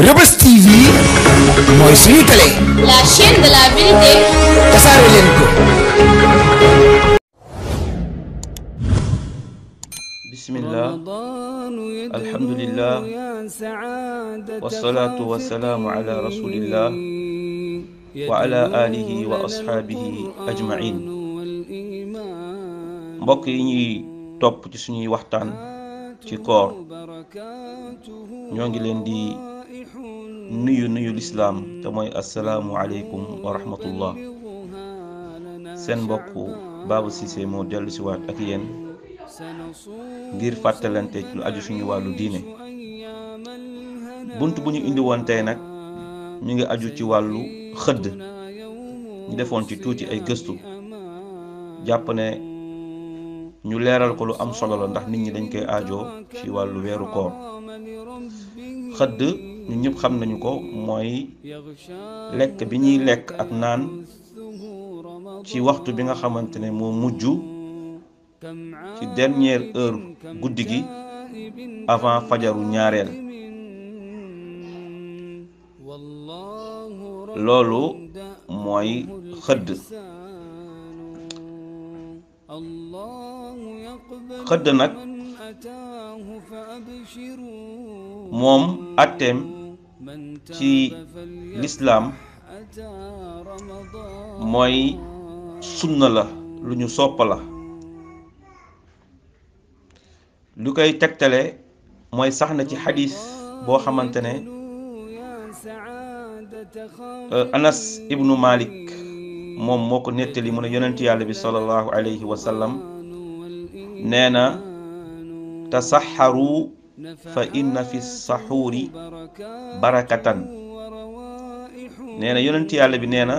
Rebus TV mooy suñu télé. La chaîne de la vérité. tasaare leen ko. bismillah alhamdulillah wasalaatu wasalaamu ala rasulillah wa ala alihi wa ashaabihi ajmain mbokk yi ñuy topp ci suñuy waxtaan ci koor ñoo ngi leen di. nuyu nuyu lislaam te mooy assalaamu aleykum wa rahmatullah seen mbokk Babu Cissé moo dellu si ak yéen ngir fàttalante lu aju suñu wàllu diine bunt bu ñu indi nag ñu ngi aju ci wàllu xëdd ñu defoon ci tuuti ay gëstu jàpp ñu leeral ko lu am solo la ndax nit ñi dañ koy aajoo ci wàllu weeru koor xëdd ñu ñëpp xam nañu ko mooy lekk bi ñuy lekk ak naan ci waxtu bi nga xamante ne moo mujj ci dernière heure guddi gi avant fajaru ñaareel loolu mooy xëdd xëdd nag moom atteem ci lislaam mooy sunna la lu ñu sopp la lu koy tegtale mooy sax na ci xadis boo xamante ne anas ibnu malik moom moo ko nettali mu ne yonent yàlla bi sallallahu alayhi wa sallam nee na tasaxaru fa inna fi saxuuri barakatan nee na yonent yàlla bi nee na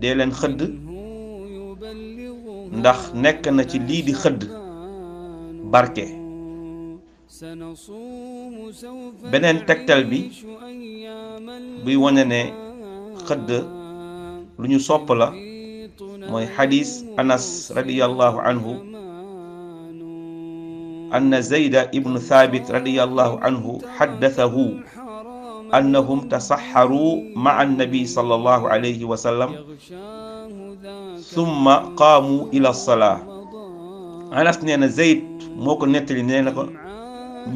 dee leen xëdd ndax nekk na ci lii di xëdd barke beneen tegtal bi buy wane ne xëdd lu ñu sopp la mooy xadiis anas radiyallahu anhu anna zayda ibnu thabit radiallahu anhu xaddathahu annahum tasaxaruu maa annabi sallallahu alayhi wa sallam summa qaamu ila salaa anas nee na zayd moo ko nettali nee na ko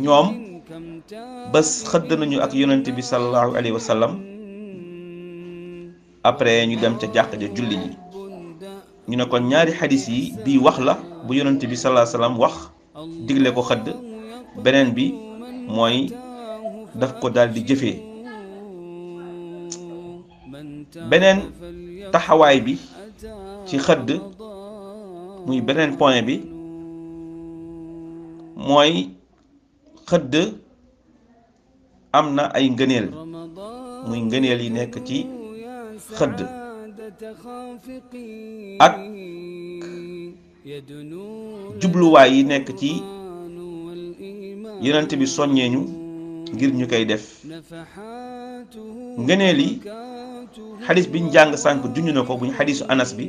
ñoom bés xëdd nañu ak yonent bi sallallahu alayhi wa sallam après ñu dem ca jàkka ja julli ji ñu ne kon ñaari xadis yi bii wax la bu yonent bi sallallahu alayhi wa sallam wax digle ko xëdd beneen bi mooy daf ko daldi jëfe beneen taxawaay bi ci xëdd muy beneen point bi mooy xëdd am na ay ngëneel muy ngëneel yi nekk ci xëdd ak jubluwaay yi nekk ci yonent bi soññee ñu ngir ñu koy def ngëneel yi xadis biñ jàng sànk junj na ko buñ xadisu anas bi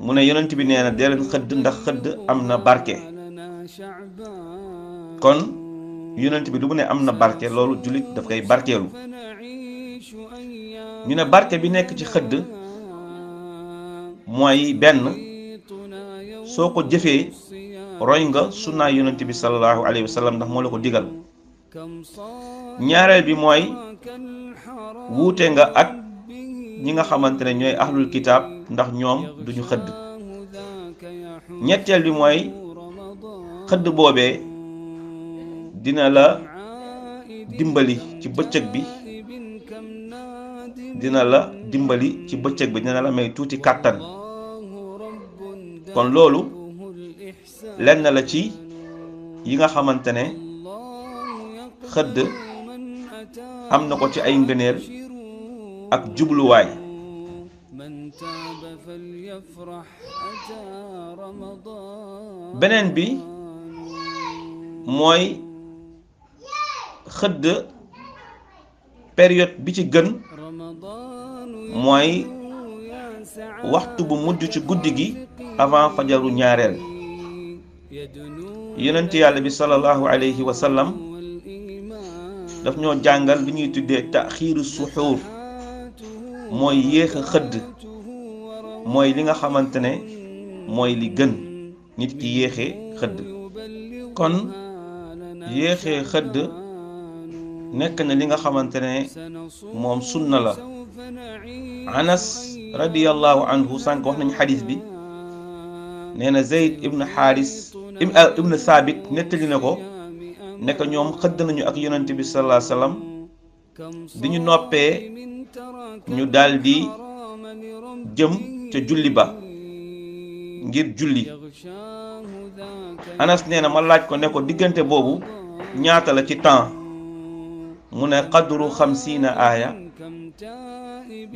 mu ne yonent bi nee na dee xëdd ndax xëdd am na barke kon yonent bi lu mu ne am na barke loolu jullit daf koy barkeelu ñu ne barke bi nekk ci xëdd mooy benn soo ko jëfee roy nga sunnaa yonent bi sallallahu alayhi wa ndax moo la ko digal ñaareel bi mooy wuute nga ak ñi nga xamante ne ñooy ahlul kitaab ndax ñoom duñu xëdd ñetteel bi mooy xëdd boobee dina la dimbali ci bëccëg bi dina la dimbali ci bëccëg bi dina la may tuuti kàttan kon loolu lenn la ci yi nga xamante ne xëdd am na ko ci ay ngëneel ak jubluwaay beneen bi mooy xëdd période bi ci gën mooy waxtu bu mujj ci guddi gi avant fajaru ñaarel yonent yàlla bi sallallahu alayhi wa sallam daf ñoo jàngal bi ñuy tuddee taxiiru suhur moy yéex a xëdd mooy li nga xamantene moy li gën nit ki yeexé xëdd kon yeexé xëdd nek na li nga xamantene mom sunna la anas radiyallahu anhu sank wax nañ hadith bi nee na Zayd ibn Xaaris ah, ibn Saabit nettali na ko nekk ñoom xëdd nañu ak yonent bi sallallahu alayhi wasallam bi ñu noppee ñu daldi jëm ca julli ba ngir julli Anas nee na ma laaj ko ne ko diggante boobu ñaata la ci temps mu ne qadru xamsiina aaya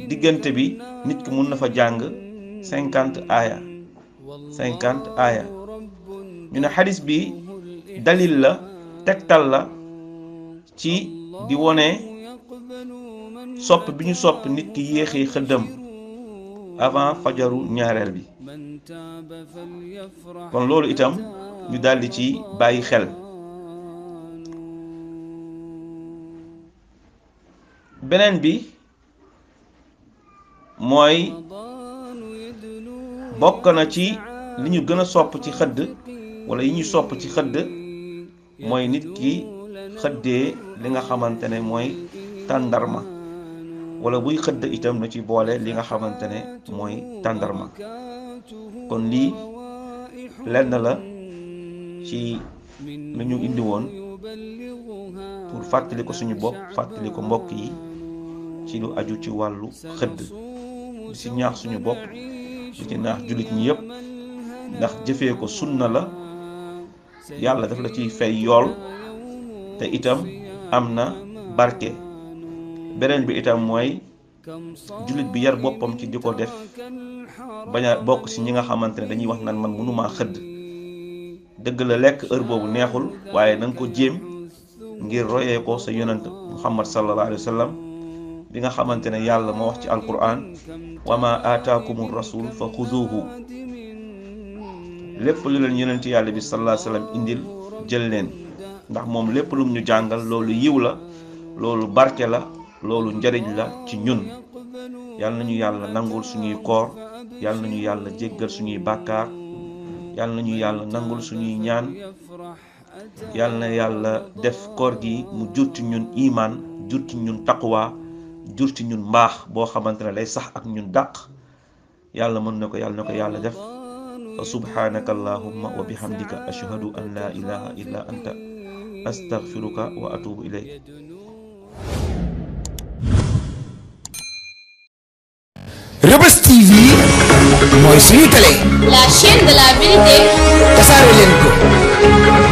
diggante bi nit ki mën na fa jàng cinquante aaya cinquante aaya ñu ne xadis bi dalil la tegtal la ci di wone sopp bi ñu sopp nit ki yéexee xëddam avant fajaru ñaareel bi kon loolu itam ñu daldi ci bàyyi xel beneen bi mooy bokk na ci li ñu gën a sopp ci xëdd wala yi ñu sopp ci xëdd mooy nit ki xëddee li nga xamante ne mooy tàndarma wala buy xëdd itam na ci boole li nga xamante ne mooy tàndarma kon lii lenn la ci lu ñu indi woon pour ko suñu bopp fàttali ko mbokk yi ci lu aju ci wàllu xëdd si ñaax suñu bopp di ci naax jullit ñi yëpp ndax jëfee ko sunna la yàlla daf la ciy fay yool te itam am na barke beneen bi itam mooy jullit bi yar boppam ci di ko def bañ bokk ci ñi nga xamante ne dañuy wax naan man mënumaa xëdd dëgg la lekk heure boobu neexul waaye na ko jéem ngir royee ko sa yonant muhammad sallallahu alayhi wa bi nga xamante ne yàlla moo wax ci alquran wa ma aataakumur rasul fa xuduuhu lépp lu leen yonent yàlla bi sallallahu alayhi wa indil jël leen ndax moom lépp lum ñu jàngal loolu yiw la loolu barke la loolu njariñ la ci ñun yàlla nañu yàlla nangul suñuy koor yàlla nañu yàlla jéggal suñuy bàkkaar yàlla nañu yàlla nangul suñuy ñaan yàlla na yàlla def koor gi mu jur ci ñun imaan jur ci ñun taqwa jur ci ñun mbaax boo xamante ne lay sax ak ñun dàq yàlla mën na ko yàlla na ko yàlla def fa subhanaka allahumma wa bihamdika ashhadu an la ilaha illa anta astaghfiruka wa atubu ilayk Reubeuss TV mooy suñu télé la chaîne de la vérité tasaare leen ko